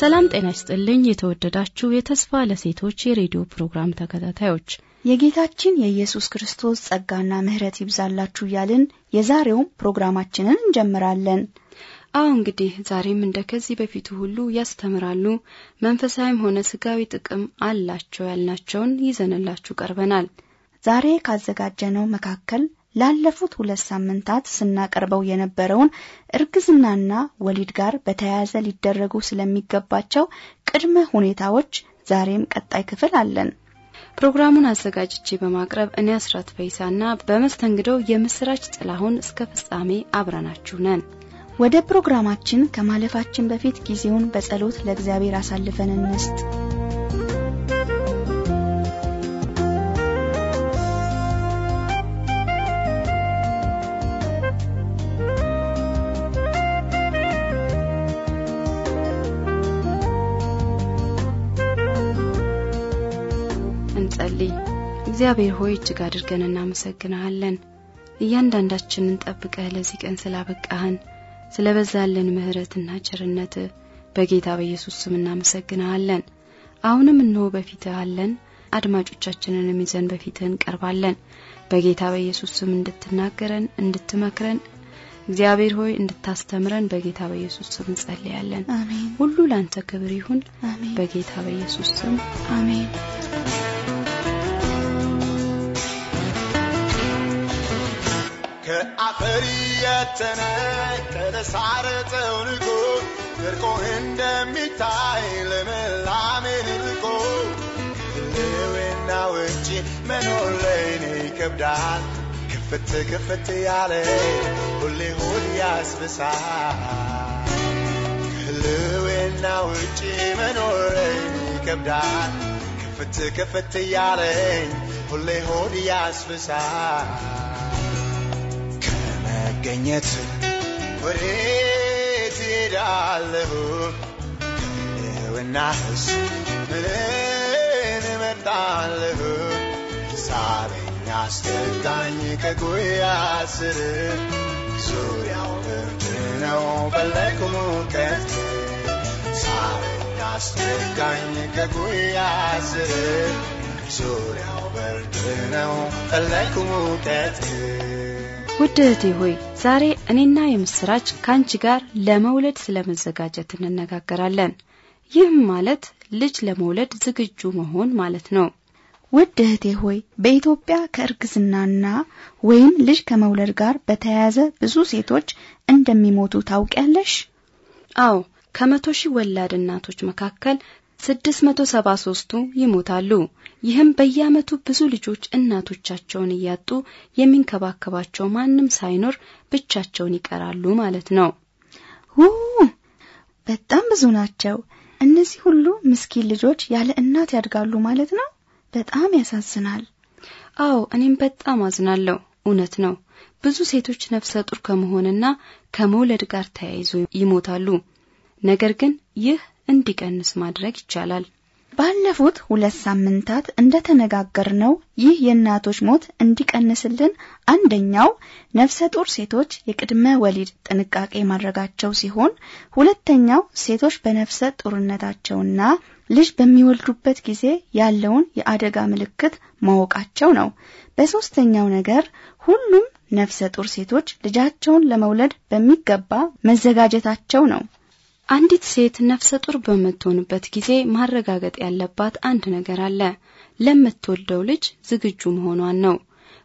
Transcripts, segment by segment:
ሰላም ጤና ይስጥልኝ። የተወደዳችሁ የተስፋ ለሴቶች የሬዲዮ ፕሮግራም ተከታታዮች የጌታችን የኢየሱስ ክርስቶስ ጸጋና ምሕረት ይብዛላችሁ እያልን የዛሬውም ፕሮግራማችንን እንጀምራለን። አዎ እንግዲህ ዛሬም እንደ ከዚህ በፊቱ ሁሉ ያስተምራሉ፣ መንፈሳዊም ሆነ ስጋዊ ጥቅም አላቸው ያልናቸውን ይዘንላችሁ ቀርበናል። ዛሬ ካዘጋጀነው መካከል ላለፉት ሁለት ሳምንታት ስናቀርበው የነበረውን እርግዝናና ወሊድ ጋር በተያያዘ ሊደረጉ ስለሚገባቸው ቅድመ ሁኔታዎች ዛሬም ቀጣይ ክፍል አለን። ፕሮግራሙን አዘጋጅቼ በማቅረብ እኔ አስራት ፈይሳና በመስተንግዶው የምስራች ጥላሁን እስከ ፍጻሜ አብረናችሁ ነን። ወደ ፕሮግራማችን ከማለፋችን በፊት ጊዜውን በጸሎት ለእግዚአብሔር አሳልፈን እንስጥ። እግዚአብሔር ሆይ እጅግ አድርገን እናመሰግናለን እያንዳንዳችንን ጠብቀህ ለዚህ ቀን ስላበቃህን ስለበዛልን ምሕረትና ቸርነት በጌታ በኢየሱስ ስም እናመሰግናለን። አሁንም እንሆ በፊትህ አለን። አድማጮቻችንንም ይዘን በፊትህ እንቀርባለን። በጌታ በኢየሱስ ስም እንድትናገረን፣ እንድትመክረን እግዚአብሔር ሆይ እንድታስተምረን በጌታ በኢየሱስ ስም እንጸልያለን። ሁሉ ላንተ ክብር ይሁን በጌታ በኢየሱስ ስም አሜን። ከአፈር የተነቀለ ሳር ጠውልቆ ደርቆ እንደሚታይ ለመላሜን ልቆ ልዌና ውጪ መኖር ለይኔ ይከብዳል። ክፍት ክፍት ያለ ሁሌ ሆድ ያስብሳል። ህልዌና ውጪ መኖረኝ ይከብዳል። ክፍት ክፍት ያለኝ ሁሌ ሆድ ያስብሳል። መገኘት ወዴት ሄዳለሁ ነውናስ ምን እመጣለሁ ሳበኛ አስጠጋኝ ከጉያ ስር ዙሪያው ብርድ ነው በለቅ ሙቀት ሳበኝ አስጠጋኝ ከጉያ ስር ዙሪያው ብርድ ነው በለቅ ሙቀት ውድ እህቴ ሆይ ዛሬ እኔና የምስራች ከአንቺ ጋር ለመውለድ ስለመዘጋጀት እንነጋገራለን። ይህም ማለት ልጅ ለመውለድ ዝግጁ መሆን ማለት ነው። ውድ እህቴ ሆይ በኢትዮጵያ ከእርግዝናና ወይም ልጅ ከመውለድ ጋር በተያያዘ ብዙ ሴቶች እንደሚሞቱ ታውቂያለሽ? አዎ፣ ከመቶ ሺህ ወላድ እናቶች መካከል 673ቱ ይሞታሉ። ይህም በየዓመቱ ብዙ ልጆች እናቶቻቸውን እያጡ የሚንከባከባቸው ማንም ሳይኖር ብቻቸውን ይቀራሉ ማለት ነው። ው በጣም ብዙ ናቸው። እነዚህ ሁሉ ምስኪን ልጆች ያለ እናት ያድጋሉ ማለት ነው። በጣም ያሳዝናል። አዎ እኔም በጣም አዝናለሁ። እውነት ነው። ብዙ ሴቶች ነፍሰ ጡር ከመሆንና ከመውለድ ጋር ተያይዞ ይሞታሉ። ነገር ግን ይህ እንዲቀንስ ማድረግ ይቻላል። ባለፉት ሁለት ሳምንታት እንደተነጋገርነው ይህ የእናቶች ሞት እንዲቀንስልን አንደኛው ነፍሰ ጡር ሴቶች የቅድመ ወሊድ ጥንቃቄ ማድረጋቸው ሲሆን ሁለተኛው ሴቶች በነፍሰ ጡርነታቸውና ልጅ በሚወልዱበት ጊዜ ያለውን የአደጋ ምልክት ማወቃቸው ነው። በሶስተኛው ነገር ሁሉም ነፍሰ ጡር ሴቶች ልጃቸውን ለመውለድ በሚገባ መዘጋጀታቸው ነው። አንዲት ሴት ነፍሰ ጡር በምትሆንበት ጊዜ ማረጋገጥ ያለባት አንድ ነገር አለ። ለምትወልደው ልጅ ዝግጁ መሆኗን ነው።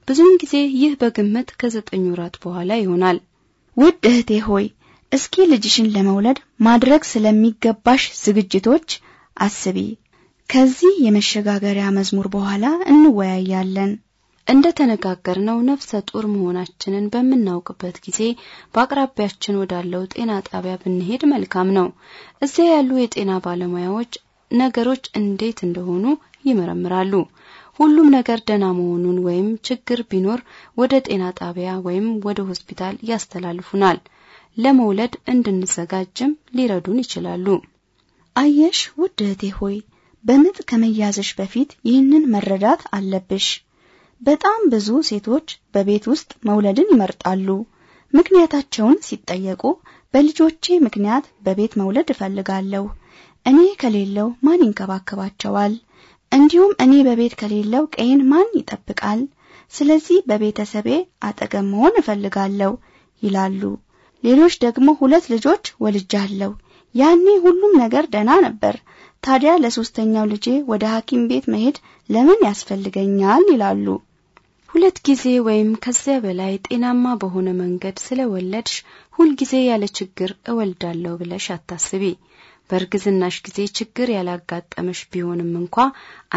ብዙውን ጊዜ ይህ በግምት ከዘጠኝ ወራት በኋላ ይሆናል። ውድ እህቴ ሆይ እስኪ ልጅሽን ለመውለድ ማድረግ ስለሚገባሽ ዝግጅቶች አስቢ። ከዚህ የመሸጋገሪያ መዝሙር በኋላ እንወያያለን። እንደ ተነጋገርነው ነፍሰ ጡር መሆናችንን በምናውቅበት ጊዜ በአቅራቢያችን ወዳለው ጤና ጣቢያ ብንሄድ መልካም ነው። እዚያ ያሉ የጤና ባለሙያዎች ነገሮች እንዴት እንደሆኑ ይመረምራሉ። ሁሉም ነገር ደህና መሆኑን ወይም ችግር ቢኖር ወደ ጤና ጣቢያ ወይም ወደ ሆስፒታል ያስተላልፉናል። ለመውለድ እንድንዘጋጅም ሊረዱን ይችላሉ። አየሽ ውድ እህቴ ሆይ በምጥ ከመያዝሽ በፊት ይህንን መረዳት አለብሽ። በጣም ብዙ ሴቶች በቤት ውስጥ መውለድን ይመርጣሉ። ምክንያታቸውን ሲጠየቁ በልጆቼ ምክንያት በቤት መውለድ እፈልጋለሁ፣ እኔ ከሌለው ማን ይንከባከባቸዋል? እንዲሁም እኔ በቤት ከሌለው ቀይን ማን ይጠብቃል? ስለዚህ በቤተሰቤ አጠገብ መሆን እፈልጋለሁ ይላሉ። ሌሎች ደግሞ ሁለት ልጆች ወልጃለሁ፣ ያኔ ሁሉም ነገር ደና ነበር። ታዲያ ለሶስተኛው ልጄ ወደ ሐኪም ቤት መሄድ ለምን ያስፈልገኛል? ይላሉ። ሁለት ጊዜ ወይም ከዚያ በላይ ጤናማ በሆነ መንገድ ስለወለድሽ ሁልጊዜ ያለ ችግር እወልዳለሁ ብለሽ አታስቢ። በእርግዝናሽ ጊዜ ችግር ያላጋጠመሽ ቢሆንም እንኳ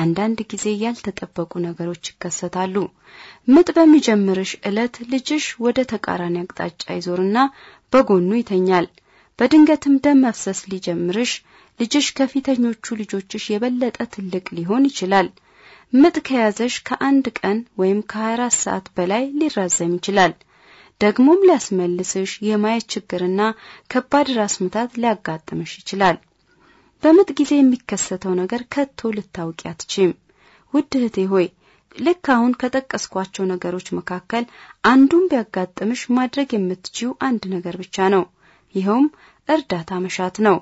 አንዳንድ ጊዜ ያልተጠበቁ ነገሮች ይከሰታሉ። ምጥ በሚጀምርሽ ዕለት ልጅሽ ወደ ተቃራኒ አቅጣጫ ይዞርና በጎኑ ይተኛል። በድንገትም ደም መፍሰስ ሊጀምርሽ፣ ልጅሽ ከፊተኞቹ ልጆችሽ የበለጠ ትልቅ ሊሆን ይችላል። ምጥ ከያዘሽ ከአንድ ቀን ወይም ከ24 ሰዓት በላይ ሊራዘም ይችላል። ደግሞም ሊያስመልስሽ የማየት ችግርና ከባድ ራስ ምታት ሊያጋጥምሽ ይችላል። በምጥ ጊዜ የሚከሰተው ነገር ከቶ ልታውቂ አትችም። ውድ እህቴ ሆይ ልክ አሁን ከጠቀስኳቸው ነገሮች መካከል አንዱን ቢያጋጥምሽ ማድረግ የምትችው አንድ ነገር ብቻ ነው። ይኸውም እርዳታ መሻት ነው።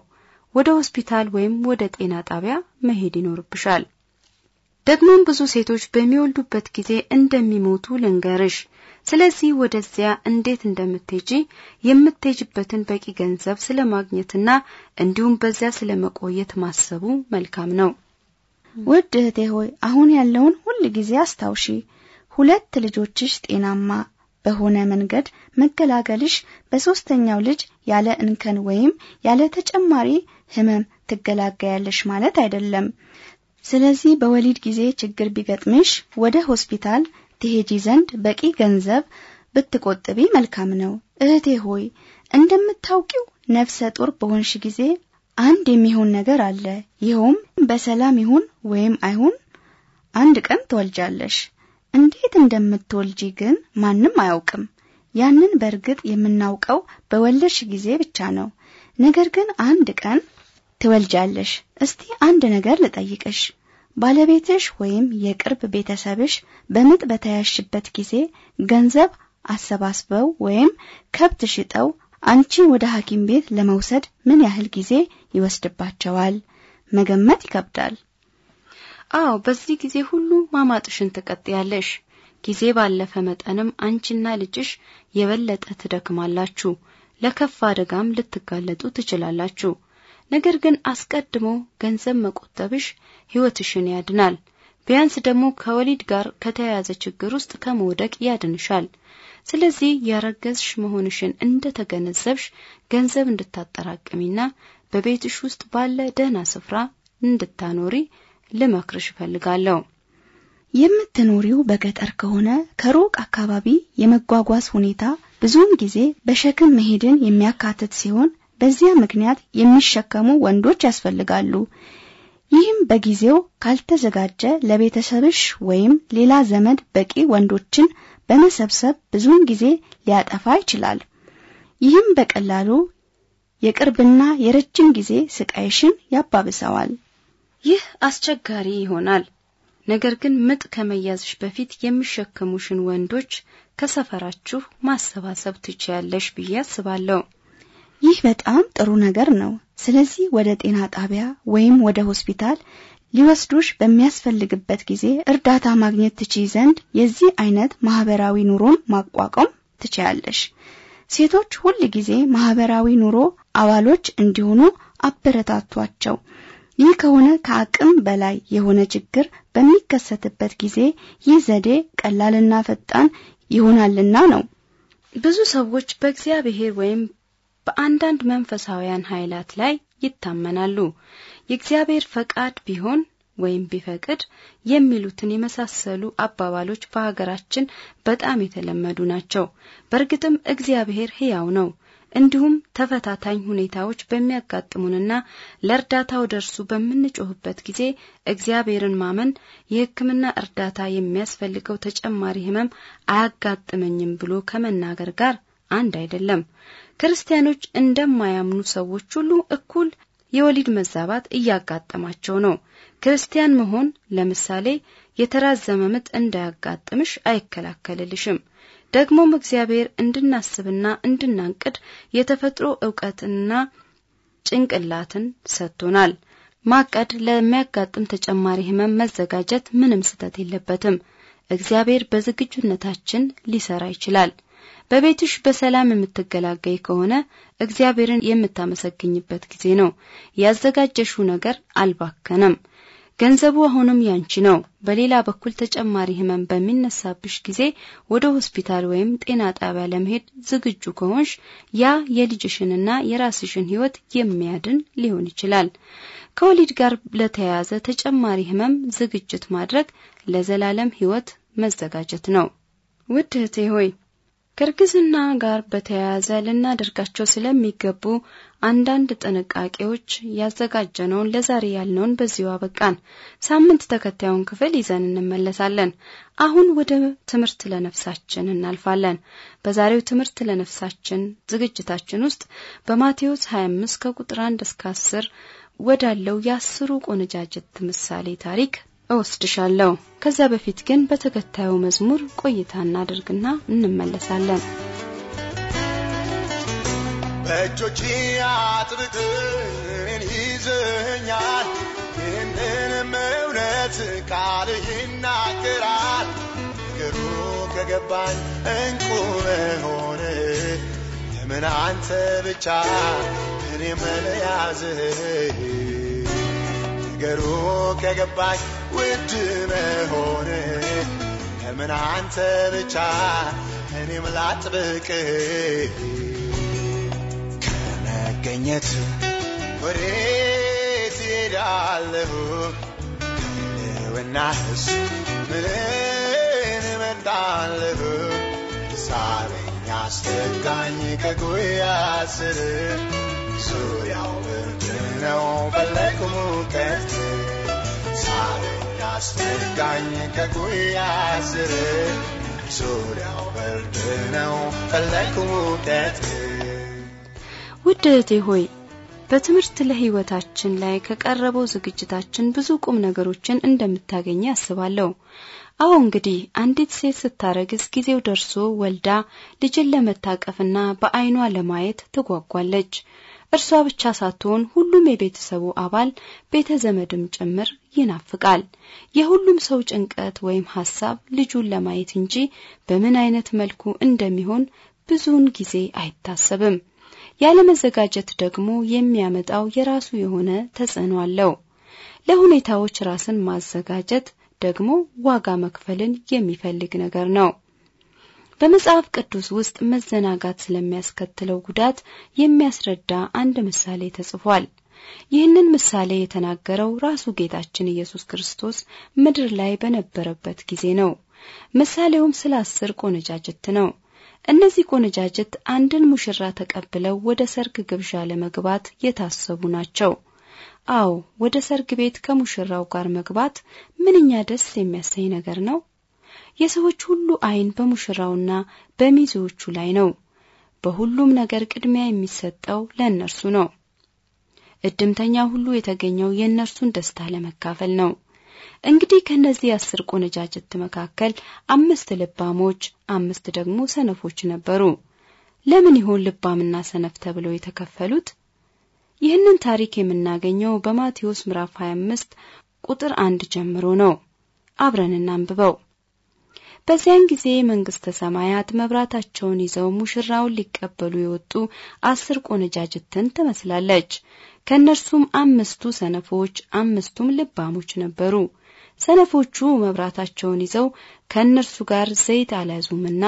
ወደ ሆስፒታል ወይም ወደ ጤና ጣቢያ መሄድ ይኖርብሻል። ደግሞም ብዙ ሴቶች በሚወልዱበት ጊዜ እንደሚሞቱ ልንገርሽ። ስለዚህ ወደዚያ እንዴት እንደምትሄጂ የምትሄጂበትን በቂ ገንዘብ ስለማግኘትና እንዲሁም በዚያ ስለመቆየት ማሰቡ መልካም ነው። ውድ እህቴ ሆይ አሁን ያለውን ሁል ጊዜ አስታውሺ። ሁለት ልጆችሽ ጤናማ በሆነ መንገድ መገላገልሽ በሶስተኛው ልጅ ያለ እንከን ወይም ያለ ተጨማሪ ህመም ትገላገያለሽ ማለት አይደለም። ስለዚህ በወሊድ ጊዜ ችግር ቢገጥምሽ ወደ ሆስፒታል ትሄጂ ዘንድ በቂ ገንዘብ ብትቆጥቢ መልካም ነው። እህቴ ሆይ እንደምታውቂው ነፍሰ ጡር በሆንሽ ጊዜ አንድ የሚሆን ነገር አለ። ይኸውም በሰላም ይሁን ወይም አይሁን አንድ ቀን ትወልጃለሽ። እንዴት እንደምትወልጂ ግን ማንም አያውቅም። ያንን በእርግጥ የምናውቀው በወለድሽ ጊዜ ብቻ ነው። ነገር ግን አንድ ቀን ትወልጃለሽ። እስቲ አንድ ነገር ልጠይቅሽ። ባለቤትሽ ወይም የቅርብ ቤተሰብሽ በምጥ በተያሽበት ጊዜ ገንዘብ አሰባስበው ወይም ከብት ሽጠው አንቺን ወደ ሐኪም ቤት ለመውሰድ ምን ያህል ጊዜ ይወስድባቸዋል? መገመት ይከብዳል። አዎ፣ በዚህ ጊዜ ሁሉ ማማጥሽን ትቀጥያለሽ። ጊዜ ባለፈ መጠንም አንቺና ልጅሽ የበለጠ ትደክማላችሁ፣ ለከፍ አደጋም ልትጋለጡ ትችላላችሁ። ነገር ግን አስቀድሞ ገንዘብ መቆጠብሽ ሕይወትሽን ያድናል። ቢያንስ ደግሞ ከወሊድ ጋር ከተያያዘ ችግር ውስጥ ከመውደቅ ያድንሻል። ስለዚህ ያረገዝሽ መሆንሽን እንደተገነዘብሽ ገንዘብ እንድታጠራቅሚና በቤትሽ ውስጥ ባለ ደህና ስፍራ እንድታኖሪ ልመክርሽ እፈልጋለሁ። የምትኖሪው በገጠር ከሆነ ከሩቅ አካባቢ የመጓጓዝ ሁኔታ ብዙውን ጊዜ በሸክም መሄድን የሚያካትት ሲሆን በዚያ ምክንያት የሚሸከሙ ወንዶች ያስፈልጋሉ። ይህም በጊዜው ካልተዘጋጀ ለቤተሰብሽ ወይም ሌላ ዘመድ በቂ ወንዶችን በመሰብሰብ ብዙውን ጊዜ ሊያጠፋ ይችላል። ይህም በቀላሉ የቅርብና የረጅም ጊዜ ስቃይሽን ያባብሰዋል። ይህ አስቸጋሪ ይሆናል። ነገር ግን ምጥ ከመያዝሽ በፊት የሚሸከሙሽን ወንዶች ከሰፈራችሁ ማሰባሰብ ትችያለሽ ብዬ አስባለሁ። ይህ በጣም ጥሩ ነገር ነው። ስለዚህ ወደ ጤና ጣቢያ ወይም ወደ ሆስፒታል ሊወስዱሽ በሚያስፈልግበት ጊዜ እርዳታ ማግኘት ትችይ ዘንድ የዚህ አይነት ማህበራዊ ኑሮን ማቋቋም ትችያለሽ። ሴቶች ሁል ጊዜ ማህበራዊ ኑሮ አባሎች እንዲሆኑ አበረታቷቸው። ይህ ከሆነ ከአቅም በላይ የሆነ ችግር በሚከሰትበት ጊዜ ይህ ዘዴ ቀላልና ፈጣን ይሆናልና ነው። ብዙ ሰዎች በእግዚአብሔር ወይም በአንዳንድ መንፈሳውያን ኃይላት ላይ ይታመናሉ። የእግዚአብሔር ፈቃድ ቢሆን ወይም ቢፈቅድ የሚሉትን የመሳሰሉ አባባሎች በሀገራችን በጣም የተለመዱ ናቸው። በእርግጥም እግዚአብሔር ሕያው ነው። እንዲሁም ተፈታታኝ ሁኔታዎች በሚያጋጥሙንና ለእርዳታው ደርሱ በምንጮህበት ጊዜ እግዚአብሔርን ማመን የሕክምና እርዳታ የሚያስፈልገው ተጨማሪ ሕመም አያጋጥመኝም ብሎ ከመናገር ጋር አንድ አይደለም። ክርስቲያኖች እንደማያምኑ ሰዎች ሁሉ እኩል የወሊድ መዛባት እያጋጠማቸው ነው። ክርስቲያን መሆን ለምሳሌ የተራዘመ ምጥ እንዳያጋጥምሽ አይከላከልልሽም። ደግሞም እግዚአብሔር እንድናስብና እንድናንቅድ የተፈጥሮ እውቀትና ጭንቅላትን ሰጥቶናል። ማቀድ ለሚያጋጥም ተጨማሪ ህመም መዘጋጀት ምንም ስህተት የለበትም። እግዚአብሔር በዝግጁነታችን ሊሰራ ይችላል። በቤትሽ በሰላም የምትገላገይ ከሆነ እግዚአብሔርን የምታመሰግኝበት ጊዜ ነው። ያዘጋጀሽው ነገር አልባከነም። ገንዘቡ አሁንም ያንቺ ነው። በሌላ በኩል ተጨማሪ ህመም በሚነሳብሽ ጊዜ ወደ ሆስፒታል ወይም ጤና ጣቢያ ለመሄድ ዝግጁ ከሆንሽ ያ የልጅሽንና የራስሽን ህይወት የሚያድን ሊሆን ይችላል። ከወሊድ ጋር ለተያያዘ ተጨማሪ ህመም ዝግጅት ማድረግ ለዘላለም ህይወት መዘጋጀት ነው። ውድ እህቴ ሆይ ከእርግዝና ጋር በተያያዘ ልናደርጋቸው ስለሚገቡ አንዳንድ ጥንቃቄዎች ያዘጋጀነውን ለዛሬ ያልነውን በዚሁ አበቃን። ሳምንት ተከታዩን ክፍል ይዘን እንመለሳለን። አሁን ወደ ትምህርት ለነፍሳችን እናልፋለን። በዛሬው ትምህርት ለነፍሳችን ዝግጅታችን ውስጥ በማቴዎስ 25 ከቁጥር 1 እስከ 10 ወዳለው የአስሩ ቆነጃጅት ምሳሌ ታሪክ እወስድሻለሁ። ከዚያ በፊት ግን በተከታዩ መዝሙር ቆይታ እናደርግና እንመለሳለን። በእጆች አጥብቅን ይዘኛል፣ ይህንንም እውነት ቃል ይናገራል። ግሩ ከገባኝ እንቁ ሆነ ለምን አንተ ብቻ እኔ መለያዝህ ነገሩ ከገባኝ ውድ መሆን ከምን አንተ ብቻ እኔም ላጥብቅ ከመገኘት ወዴት ይሄዳለሁ ከልውናህስ ምን እመጣለሁ ሳበኛ አስጠጋኝ ከጉያ ስር ዙሪያው ብርድ ነው ሙቀት አስነካኝ ውድ እህቴ ሆይ በትምህርት ለህይወታችን ላይ ከቀረበው ዝግጅታችን ብዙ ቁም ነገሮችን እንደምታገኝ አስባለሁ። አዎ እንግዲህ አንዲት ሴት ስታረግዝ ጊዜው ደርሶ ወልዳ ልጅን ለመታቀፍና በአይኗ ለማየት ትጓጓለች። እርሷ ብቻ ሳትሆን ሁሉም የቤተሰቡ አባል ቤተ ዘመድም ጭምር ይናፍቃል። የሁሉም ሰው ጭንቀት ወይም ሐሳብ ልጁን ለማየት እንጂ በምን አይነት መልኩ እንደሚሆን ብዙውን ጊዜ አይታሰብም። ያለመዘጋጀት ደግሞ የሚያመጣው የራሱ የሆነ ተጽዕኖ አለው። ለሁኔታዎች ራስን ማዘጋጀት ደግሞ ዋጋ መክፈልን የሚፈልግ ነገር ነው። በመጽሐፍ ቅዱስ ውስጥ መዘናጋት ስለሚያስከትለው ጉዳት የሚያስረዳ አንድ ምሳሌ ተጽፏል። ይህንን ምሳሌ የተናገረው ራሱ ጌታችን ኢየሱስ ክርስቶስ ምድር ላይ በነበረበት ጊዜ ነው። ምሳሌውም ስለ አስር ቆነጃጅት ነው። እነዚህ ቆነጃጅት አንድን ሙሽራ ተቀብለው ወደ ሰርግ ግብዣ ለመግባት የታሰቡ ናቸው። አዎ፣ ወደ ሰርግ ቤት ከሙሽራው ጋር መግባት ምንኛ ደስ የሚያሰኝ ነገር ነው! የሰዎች ሁሉ አይን በሙሽራውና በሚዜዎቹ ላይ ነው። በሁሉም ነገር ቅድሚያ የሚሰጠው ለእነርሱ ነው። እድምተኛ ሁሉ የተገኘው የእነርሱን ደስታ ለመካፈል ነው። እንግዲህ ከእነዚህ አስር ቆነጃጅት መካከል አምስት ልባሞች፣ አምስት ደግሞ ሰነፎች ነበሩ። ለምን ይሆን ልባምና ሰነፍ ተብለው የተከፈሉት? ይህንን ታሪክ የምናገኘው በማቴዎስ ምዕራፍ 25 ቁጥር አንድ ጀምሮ ነው። አብረን እናንብበው። በዚያን ጊዜ መንግስተ ሰማያት መብራታቸውን ይዘው ሙሽራውን ሊቀበሉ የወጡ አስር ቆነጃጅትን ትመስላለች። ከእነርሱም አምስቱ ሰነፎች፣ አምስቱም ልባሞች ነበሩ። ሰነፎቹ መብራታቸውን ይዘው ከእነርሱ ጋር ዘይት አልያዙምና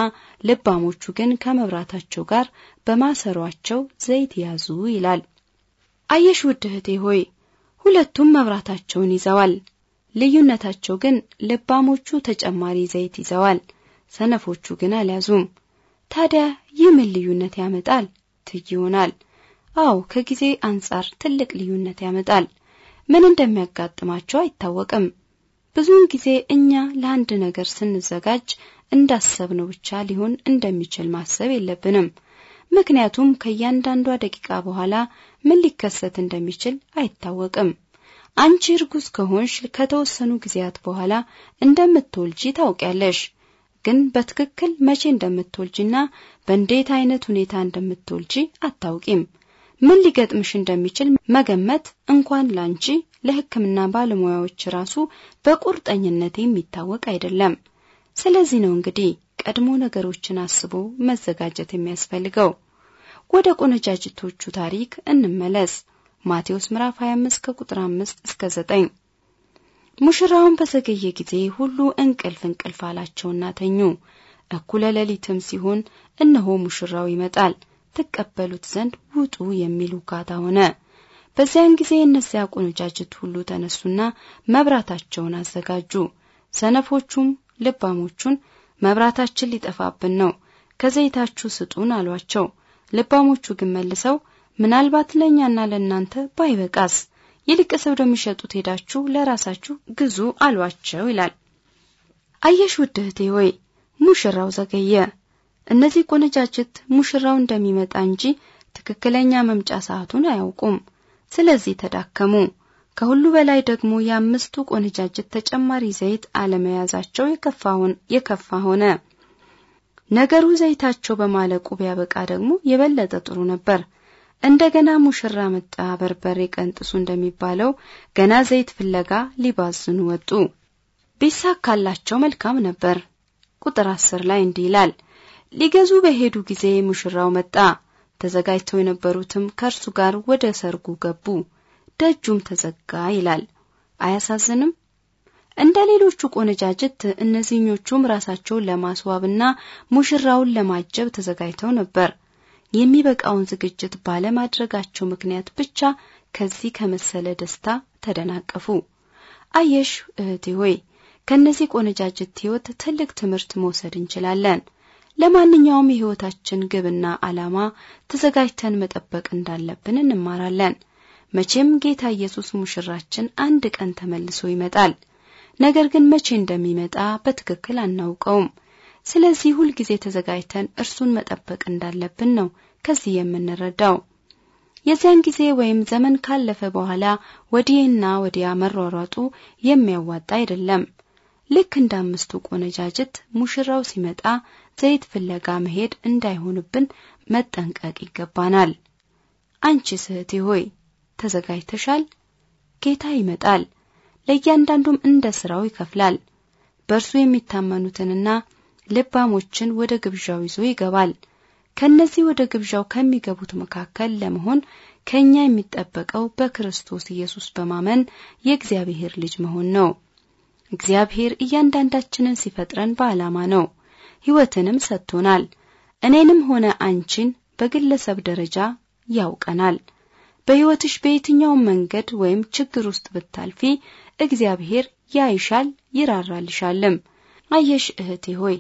ልባሞቹ ግን ከመብራታቸው ጋር በማሰሯቸው ዘይት ያዙ ይላል። አየሽ ውድ እህቴ ሆይ ሁለቱም መብራታቸውን ይዘዋል። ልዩነታቸው ግን ልባሞቹ ተጨማሪ ዘይት ይዘዋል፣ ሰነፎቹ ግን አልያዙም። ታዲያ ይህ ምን ልዩነት ያመጣል ትይ ይሆናል። አዎ ከጊዜ አንጻር ትልቅ ልዩነት ያመጣል። ምን እንደሚያጋጥማቸው አይታወቅም። ብዙውን ጊዜ እኛ ለአንድ ነገር ስንዘጋጅ እንዳሰብነው ብቻ ሊሆን እንደሚችል ማሰብ የለብንም። ምክንያቱም ከእያንዳንዷ ደቂቃ በኋላ ምን ሊከሰት እንደሚችል አይታወቅም። አንቺ እርጉዝ ከሆንሽ ከተወሰኑ ጊዜያት በኋላ እንደምትወልጂ ታውቂያለሽ። ግን በትክክል መቼ እንደምትወልጂና በእንዴት አይነት ሁኔታ እንደምትወልጂ አታውቂም። ምን ሊገጥምሽ እንደሚችል መገመት እንኳን ላንቺ ለሕክምና ባለሙያዎች ራሱ በቁርጠኝነት የሚታወቅ አይደለም። ስለዚህ ነው እንግዲህ ቀድሞ ነገሮችን አስቦ መዘጋጀት የሚያስፈልገው። ወደ ቆነጃጅቶቹ ታሪክ እንመለስ። ማቴዎስ ምዕራፍ 25 ከቁጥር 5 እስከ 9። ሙሽራውን በዘገየ ጊዜ ሁሉ እንቅልፍ እንቅልፍ አላቸውና ተኙ። እኩለ ሌሊትም ሲሆን እነሆ ሙሽራው ይመጣል፣ ትቀበሉት ዘንድ ውጡ የሚል ውካታ ሆነ። በዚያን ጊዜ እነዚያ ቆነጃጅት ሁሉ ተነሱና መብራታቸውን አዘጋጁ። ሰነፎቹም ልባሞቹን መብራታችን ሊጠፋብን ነው፣ ከዘይታችሁ ስጡን አሏቸው። ልባሞቹ ግን መልሰው ምናልባት ለእኛና ለእናንተ ባይበቃስ ሰው ወደሚሸጡት ሄዳችሁ ለራሳችሁ ግዙ አሏቸው ይላል። አየሽ ውድ እህቴ ሆይ ሙሽራው ዘገየ። እነዚህ ቆነጃጅት ሙሽራው እንደሚመጣ እንጂ ትክክለኛ መምጫ ሰዓቱን አያውቁም። ስለዚህ ተዳከሙ። ከሁሉ በላይ ደግሞ የአምስቱ ቆነጃጅት ተጨማሪ ዘይት አለመያዛቸው የከፋ ሆነ። ነገሩ ዘይታቸው በማለቁ ቢያበቃ ደግሞ የበለጠ ጥሩ ነበር። እንደገና ሙሽራ መጣ፣ በርበሬ ቀንጥሱ እንደሚባለው ገና ዘይት ፍለጋ ሊባዝኑ ወጡ። ቢሳካላቸው መልካም ነበር። ቁጥር አስር ላይ እንዲህ ይላል፣ ሊገዙ በሄዱ ጊዜ ሙሽራው መጣ፣ ተዘጋጅተው የነበሩትም ከእርሱ ጋር ወደ ሰርጉ ገቡ፣ ደጁም ተዘጋ ይላል። አያሳዝንም? እንደ ሌሎቹ ቆነጃጅት እነዚህኞቹም ራሳቸውን ለማስዋብና ሙሽራውን ለማጀብ ተዘጋጅተው ነበር። የሚበቃውን ዝግጅት ባለማድረጋቸው ምክንያት ብቻ ከዚህ ከመሰለ ደስታ ተደናቀፉ። አየሽ እህቴ ሆይ ከእነዚህ ቆነጃጅት ሕይወት ትልቅ ትምህርት መውሰድ እንችላለን። ለማንኛውም የሕይወታችን ግብና ዓላማ ተዘጋጅተን መጠበቅ እንዳለብን እንማራለን። መቼም ጌታ ኢየሱስ ሙሽራችን አንድ ቀን ተመልሶ ይመጣል። ነገር ግን መቼ እንደሚመጣ በትክክል አናውቀውም። ስለዚህ ሁልጊዜ ተዘጋጅተን እርሱን መጠበቅ እንዳለብን ነው ከዚህ የምንረዳው። የዚያን ጊዜ ወይም ዘመን ካለፈ በኋላ ወዲህና ወዲያ መሯሯጡ የሚያዋጣ አይደለም። ልክ እንደ አምስቱ ቆነጃጅት ሙሽራው ሲመጣ ዘይት ፍለጋ መሄድ እንዳይሆንብን መጠንቀቅ ይገባናል። አንቺ እህቴ ሆይ ተዘጋጅተሻል? ጌታ ይመጣል፣ ለእያንዳንዱም እንደ ስራው ይከፍላል። በእርሱ የሚታመኑትንና ልባሞችን ወደ ግብዣው ይዞ ይገባል። ከነዚህ ወደ ግብዣው ከሚገቡት መካከል ለመሆን ከኛ የሚጠበቀው በክርስቶስ ኢየሱስ በማመን የእግዚአብሔር ልጅ መሆን ነው። እግዚአብሔር እያንዳንዳችንን ሲፈጥረን በዓላማ ነው። ሕይወትንም ሰጥቶናል። እኔንም ሆነ አንቺን በግለሰብ ደረጃ ያውቀናል። በሕይወትሽ በየትኛውም መንገድ ወይም ችግር ውስጥ ብታልፊ እግዚአብሔር ያይሻል፣ ይራራልሻልም። አየሽ እህቴ ሆይ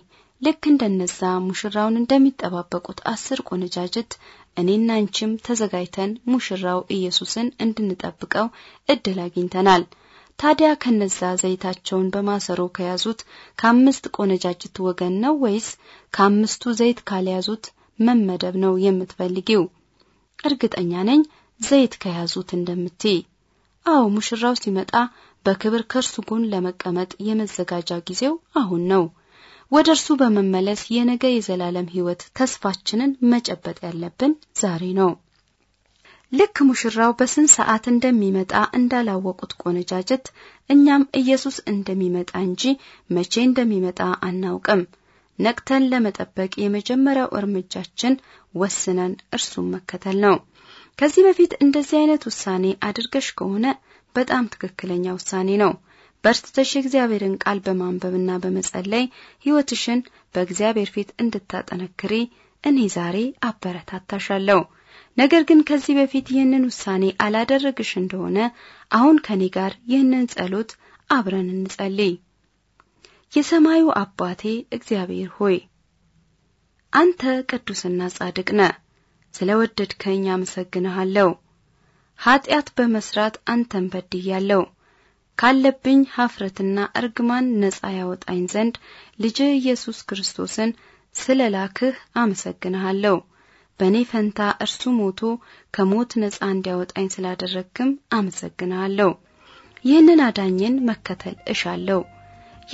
ልክ እንደነዛ ሙሽራውን እንደሚጠባበቁት አስር ቆነጃጅት እኔና አንቺም ተዘጋጅተን ሙሽራው ኢየሱስን እንድንጠብቀው እድል አግኝተናል። ታዲያ ከነዛ ዘይታቸውን በማሰሮ ከያዙት ከአምስት ቆነጃጅት ወገን ነው ወይስ ከአምስቱ ዘይት ካልያዙት መመደብ ነው የምትፈልጊው? እርግጠኛ ነኝ ዘይት ከያዙት እንደምትይ። አዎ፣ ሙሽራው ሲመጣ በክብር ከእርሱ ጎን ለመቀመጥ የመዘጋጃ ጊዜው አሁን ነው። ወደ እርሱ በመመለስ የነገ የዘላለም ሕይወት ተስፋችንን መጨበጥ ያለብን ዛሬ ነው። ልክ ሙሽራው በስንት ሰዓት እንደሚመጣ እንዳላወቁት ቆነጃጀት እኛም ኢየሱስ እንደሚመጣ እንጂ መቼ እንደሚመጣ አናውቅም። ነቅተን ለመጠበቅ የመጀመሪያው እርምጃችን ወስነን እርሱን መከተል ነው። ከዚህ በፊት እንደዚህ አይነት ውሳኔ አድርገሽ ከሆነ በጣም ትክክለኛ ውሳኔ ነው። በርትተሽ የእግዚአብሔርን ቃል በማንበብና በመጸለይ ሕይወትሽን በእግዚአብሔር ፊት እንድታጠነክሪ እኔ ዛሬ አበረታታሻለሁ። ነገር ግን ከዚህ በፊት ይህንን ውሳኔ አላደረግሽ እንደሆነ አሁን ከኔ ጋር ይህንን ጸሎት አብረን እንጸልይ። የሰማዩ አባቴ እግዚአብሔር ሆይ አንተ ቅዱስና ጻድቅ ነ ስለ ወደድከኝ አመሰግንሃለሁ። ኀጢአት በመስራት አንተን በድያለሁ። ካለብኝ ሀፍረትና እርግማን ነጻ ያወጣኝ ዘንድ ልጅ ኢየሱስ ክርስቶስን ስለ ላክህ አመሰግንሃለሁ። በእኔ ፈንታ እርሱ ሞቶ ከሞት ነጻ እንዲያወጣኝ ስላደረግክም አመሰግንሃለሁ። ይህንን አዳኝን መከተል እሻለሁ።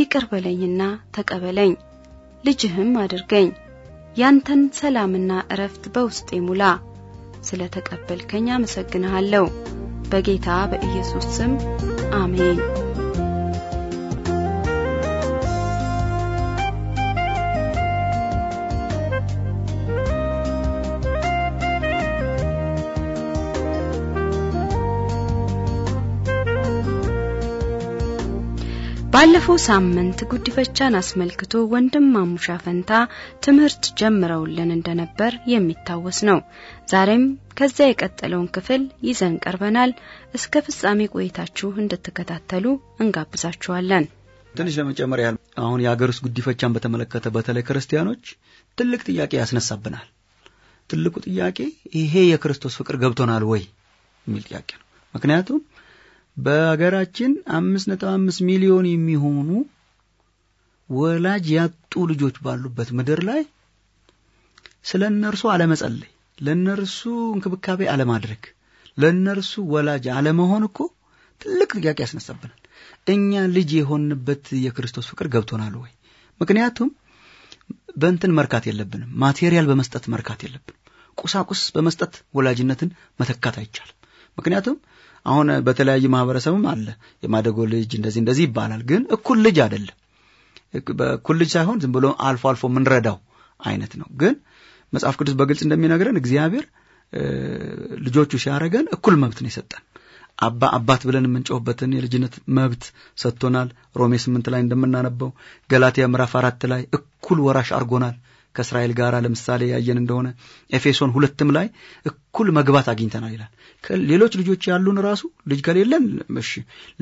ይቅር በለኝና ተቀበለኝ፣ ልጅህም አድርገኝ። ያንተን ሰላምና እረፍት በውስጤ ሙላ። ስለ ተቀበልከኝ አመሰግንሃለሁ። በጌታ በኢየሱስ ስም 阿弥。ባለፈው ሳምንት ጉዲፈቻን አስመልክቶ ወንድም ማሙሻ ፈንታ ትምህርት ጀምረውልን እንደነበር የሚታወስ ነው። ዛሬም ከዚያ የቀጠለውን ክፍል ይዘን ቀርበናል። እስከ ፍጻሜ ቆይታችሁ እንድትከታተሉ እንጋብዛችኋለን። ትንሽ ለመጨመር ያህል አሁን የአገር ውስጥ ጉዲፈቻን በተመለከተ በተለይ ክርስቲያኖች ትልቅ ጥያቄ ያስነሳብናል። ትልቁ ጥያቄ ይሄ የክርስቶስ ፍቅር ገብቶናል ወይ የሚል ጥያቄ ነው። ምክንያቱም በሀገራችን አምስት ነጥብ አምስት ሚሊዮን የሚሆኑ ወላጅ ያጡ ልጆች ባሉበት ምድር ላይ ስለ እነርሱ አለመጸለይ፣ ለእነርሱ እንክብካቤ አለማድረግ፣ ለእነርሱ ወላጅ አለመሆን እኮ ትልቅ ጥያቄ ያስነሳብናል። እኛ ልጅ የሆንበት የክርስቶስ ፍቅር ገብቶናል ወይ? ምክንያቱም በእንትን መርካት የለብንም። ማቴሪያል በመስጠት መርካት የለብንም። ቁሳቁስ በመስጠት ወላጅነትን መተካት አይቻልም። ምክንያቱም አሁን በተለያዩ ማህበረሰብም አለ የማደጎ ልጅ እንደዚህ እንደዚህ ይባላል። ግን እኩል ልጅ አይደለም። እኩል ልጅ ሳይሆን ዝም ብሎ አልፎ አልፎ የምንረዳው አይነት ነው። ግን መጽሐፍ ቅዱስ በግልጽ እንደሚነግረን እግዚአብሔር ልጆቹ ሲያደረገን እኩል መብት ነው የሰጠን። አባ አባት ብለን የምንጮህበትን የልጅነት መብት ሰጥቶናል። ሮሜ ስምንት ላይ እንደምናነበው ገላትያ ምዕራፍ አራት ላይ እኩል ወራሽ አድርጎናል። ከእስራኤል ጋር ለምሳሌ ያየን እንደሆነ ኤፌሶን ሁለትም ላይ እኩል መግባት አግኝተናል ይላል ሌሎች ልጆች ያሉን ራሱ ልጅ ከሌለን እሺ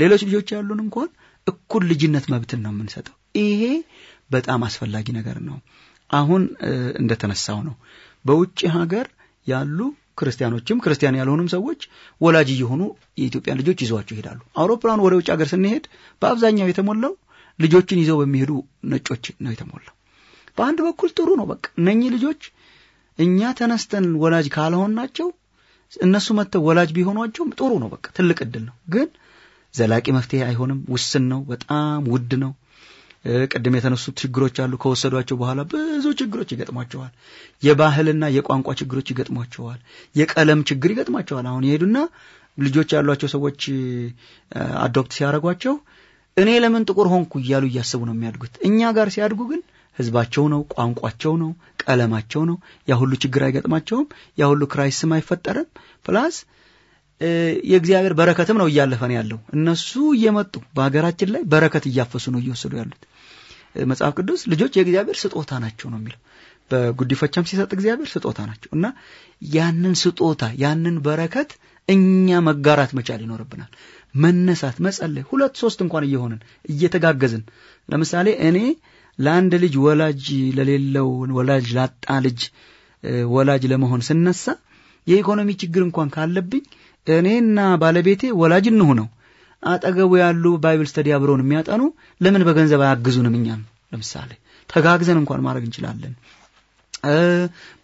ሌሎች ልጆች ያሉን እንኳን እኩል ልጅነት መብትን ነው የምንሰጠው ይሄ በጣም አስፈላጊ ነገር ነው አሁን እንደተነሳው ነው በውጭ ሀገር ያሉ ክርስቲያኖችም ክርስቲያን ያልሆኑም ሰዎች ወላጅ እየሆኑ የኢትዮጵያን ልጆች ይዘዋቸው ይሄዳሉ አውሮፕላን ወደ ውጭ ሀገር ስንሄድ በአብዛኛው የተሞላው ልጆችን ይዘው በሚሄዱ ነጮች ነው የተሞላው በአንድ በኩል ጥሩ ነው። በቃ እነኚህ ልጆች እኛ ተነስተን ወላጅ ካልሆን ናቸው እነሱ መጥተው ወላጅ ቢሆኗቸው ጥሩ ነው። በቃ ትልቅ እድል ነው። ግን ዘላቂ መፍትሄ አይሆንም። ውስን ነው። በጣም ውድ ነው። ቅድም የተነሱት ችግሮች አሉ። ከወሰዷቸው በኋላ ብዙ ችግሮች ይገጥሟቸዋል። የባህልና የቋንቋ ችግሮች ይገጥሟቸዋል። የቀለም ችግር ይገጥሟቸዋል። አሁን ይሄዱና ልጆች ያሏቸው ሰዎች አዶፕት ሲያደርጓቸው እኔ ለምን ጥቁር ሆንኩ እያሉ እያስቡ ነው የሚያድጉት። እኛ ጋር ሲያድጉ ግን ህዝባቸው ነው፣ ቋንቋቸው ነው፣ ቀለማቸው ነው። ያ ሁሉ ችግር አይገጥማቸውም። ያ ሁሉ ክራይስም አይፈጠርም። ፕላስ የእግዚአብሔር በረከትም ነው እያለፈን ያለው። እነሱ እየመጡ በሀገራችን ላይ በረከት እያፈሱ ነው እየወሰዱ ያሉት። መጽሐፍ ቅዱስ ልጆች የእግዚአብሔር ስጦታ ናቸው ነው የሚለው። በጉዲፈቻም ሲሰጥ እግዚአብሔር ስጦታ ናቸው እና ያንን ስጦታ ያንን በረከት እኛ መጋራት መቻል ይኖርብናል። መነሳት፣ መጸለይ ሁለት ሶስት እንኳን እየሆንን እየተጋገዝን ለምሳሌ እኔ ለአንድ ልጅ ወላጅ ለሌለው ወላጅ ላጣ ልጅ ወላጅ ለመሆን ስነሳ የኢኮኖሚ ችግር እንኳን ካለብኝ እኔና ባለቤቴ ወላጅ ነው። አጠገቡ ያሉ ባይብል ስተዲ አብረውን የሚያጠኑ ለምን በገንዘብ አያግዙንም? እኛም ለምሳሌ ተጋግዘን እንኳን ማድረግ እንችላለን።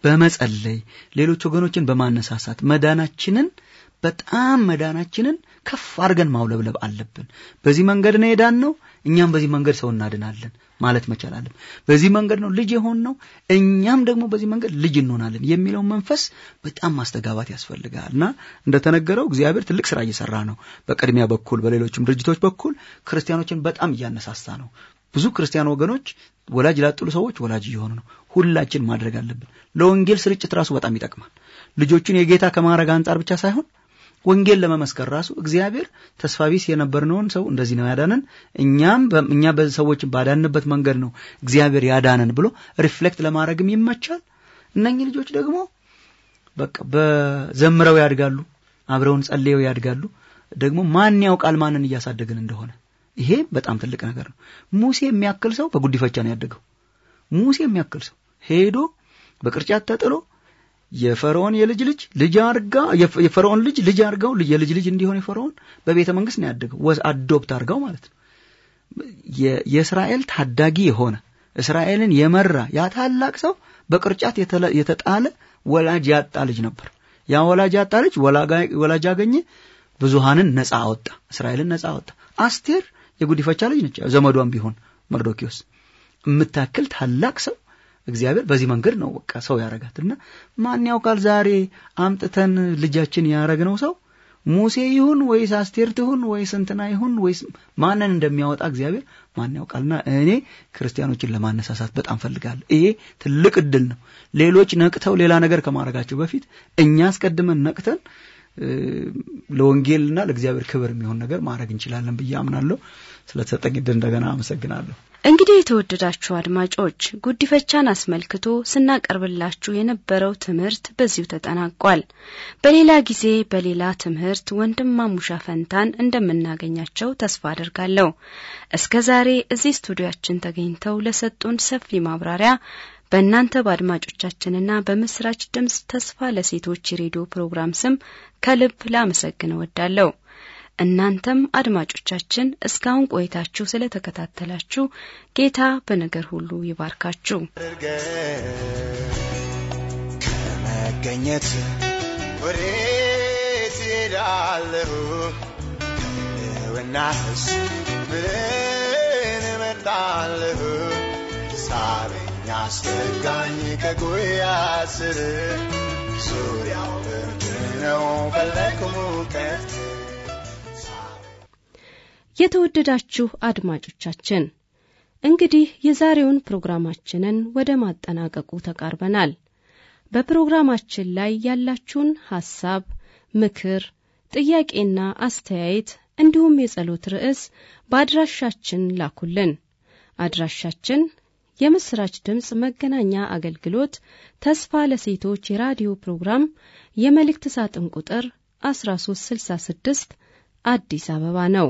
በመጸለይ ሌሎች ወገኖችን በማነሳሳት መዳናችንን በጣም መዳናችንን ከፍ አድርገን ማውለብለብ አለብን። በዚህ መንገድ ነው የዳን ነው፣ እኛም በዚህ መንገድ ሰው እናድናለን ማለት መቻል አለብን። በዚህ መንገድ ነው ልጅ የሆን ነው፣ እኛም ደግሞ በዚህ መንገድ ልጅ እንሆናለን የሚለው መንፈስ በጣም ማስተጋባት ያስፈልጋል እና እንደተነገረው እግዚአብሔር ትልቅ ስራ እየሰራ ነው። በቅድሚያ በኩል በሌሎችም ድርጅቶች በኩል ክርስቲያኖችን በጣም እያነሳሳ ነው። ብዙ ክርስቲያን ወገኖች ወላጅ ላጥሉ ሰዎች ወላጅ እየሆኑ ነው። ሁላችን ማድረግ አለብን። ለወንጌል ስርጭት ራሱ በጣም ይጠቅማል። ልጆቹን የጌታ ከማድረግ አንጻር ብቻ ሳይሆን ወንጌል ለመመስከር ራሱ እግዚአብሔር ተስፋ ቢስ የነበርነውን ሰው እንደዚህ ነው ያዳነን፣ እኛም እኛ በሰዎች ባዳንበት መንገድ ነው እግዚአብሔር ያዳነን ብሎ ሪፍሌክት ለማድረግም ይመቻል። እነኚህ ልጆች ደግሞ በቃ በዘምረው ያድጋሉ፣ አብረውን ጸልየው ያድጋሉ። ደግሞ ማን ያውቃል ማንን እያሳደግን እንደሆነ። ይሄ በጣም ትልቅ ነገር ነው። ሙሴ የሚያክል ሰው በጉዲፈቻ ነው ያደገው። ሙሴ የሚያክል ሰው ሄዶ በቅርጫት ተጥሎ የፈርዖን የልጅ ልጅ ልጅ አርጋ የፈርዖን ልጅ ልጅ አርጋው የልጅ ልጅ እንዲሆን የፈርዖን በቤተ መንግስት ነው ያደገው ወዝ አዶፕት አርጋው ማለት ነው። የእስራኤል ታዳጊ የሆነ እስራኤልን የመራ ያ ታላቅ ሰው በቅርጫት የተጣለ ወላጅ ያጣ ልጅ ነበር። ያ ወላጅ ያጣ ልጅ ወላጅ አገኘ፣ ብዙሃንን ነፃ አወጣ፣ እስራኤልን ነፃ አወጣ። አስቴር የጉዲፈቻ ልጅ ነች፣ ዘመዷን ቢሆን መርዶኪዎስ የምታክል ታላቅ ሰው እግዚአብሔር በዚህ መንገድ ነው በቃ ሰው ያረጋት እና ማን ያውቃል ዛሬ አምጥተን ልጃችን ነው ሰው ሙሴ ይሁን ወይስ አስቴር ትሁን ወይስ እንትና ይሁን ወይስ ማንን እንደሚያወጣ እግዚአብሔር ማን ያውቃልና እኔ ክርስቲያኖችን ለማነሳሳት በጣም ፈልጋለሁ። ይሄ ትልቅ እድል ነው። ሌሎች ነቅተው ሌላ ነገር ከማድረጋቸው በፊት እኛ አስቀድመን ነቅተን ለወንጌልና ለእግዚአብሔር ክብር የሚሆን ነገር ማድረግ እንችላለን ብዬ አምናለሁ። ስለተሰጠኝ እድል እንደገና አመሰግናለሁ። እንግዲህ የተወደዳችሁ አድማጮች ጉዲፈቻን አስመልክቶ ስናቀርብላችሁ የነበረው ትምህርት በዚሁ ተጠናቋል። በሌላ ጊዜ በሌላ ትምህርት ወንድማሙሻ ፈንታን እንደምናገኛቸው ተስፋ አድርጋለሁ። እስከ ዛሬ እዚህ ስቱዲያችን ተገኝተው ለሰጡን ሰፊ ማብራሪያ በእናንተ በአድማጮቻችንና በምስራች ድምፅ ተስፋ ለሴቶች የሬዲዮ ፕሮግራም ስም ከልብ ላመሰግን እወዳለሁ። እናንተም አድማጮቻችን እስካሁን ቆይታችሁ ስለተከታተላችሁ ጌታ በነገር ሁሉ ይባርካችሁ። ከመገኘት ወዴት ሄዳለሁ? ሕልውናስ ምን እመጣለሁ? ሳበኛ አስረጋኝ ከጉያ ስር ዙሪያው ብርድ ነው፣ ፈለግኩ ሙቀት የተወደዳችሁ አድማጮቻችን እንግዲህ የዛሬውን ፕሮግራማችንን ወደ ማጠናቀቁ ተቃርበናል። በፕሮግራማችን ላይ ያላችሁን ሐሳብ፣ ምክር፣ ጥያቄና አስተያየት እንዲሁም የጸሎት ርዕስ በአድራሻችን ላኩልን። አድራሻችን የምስራች ድምፅ መገናኛ አገልግሎት ተስፋ ለሴቶች የራዲዮ ፕሮግራም የመልእክት ሳጥን ቁጥር 1366 አዲስ አበባ ነው።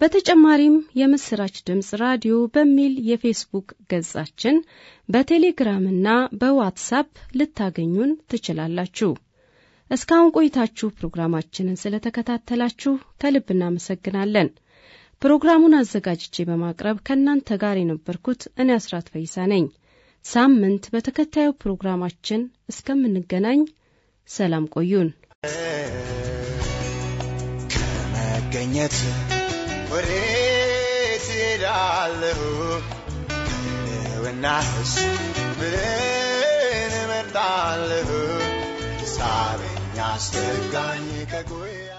በተጨማሪም የምስራች ድምፅ ራዲዮ በሚል የፌስቡክ ገጻችን በቴሌግራምና በዋትሳፕ ልታገኙን ትችላላችሁ። እስካሁን ቆይታችሁ ፕሮግራማችንን ስለተከታተላችሁ ከልብ እናመሰግናለን። ፕሮግራሙን አዘጋጅቼ በማቅረብ ከእናንተ ጋር የነበርኩት እኔ አስራት ፈይሳ ነኝ። ሳምንት በተከታዩ ፕሮግራማችን እስከምንገናኝ ሰላም ቆዩን። ከመገኘት ወዴት እሄዳለሁ ነውናስ ምን እመርጣለሁ ሳበኛ አስጠጋኝ ከጎያ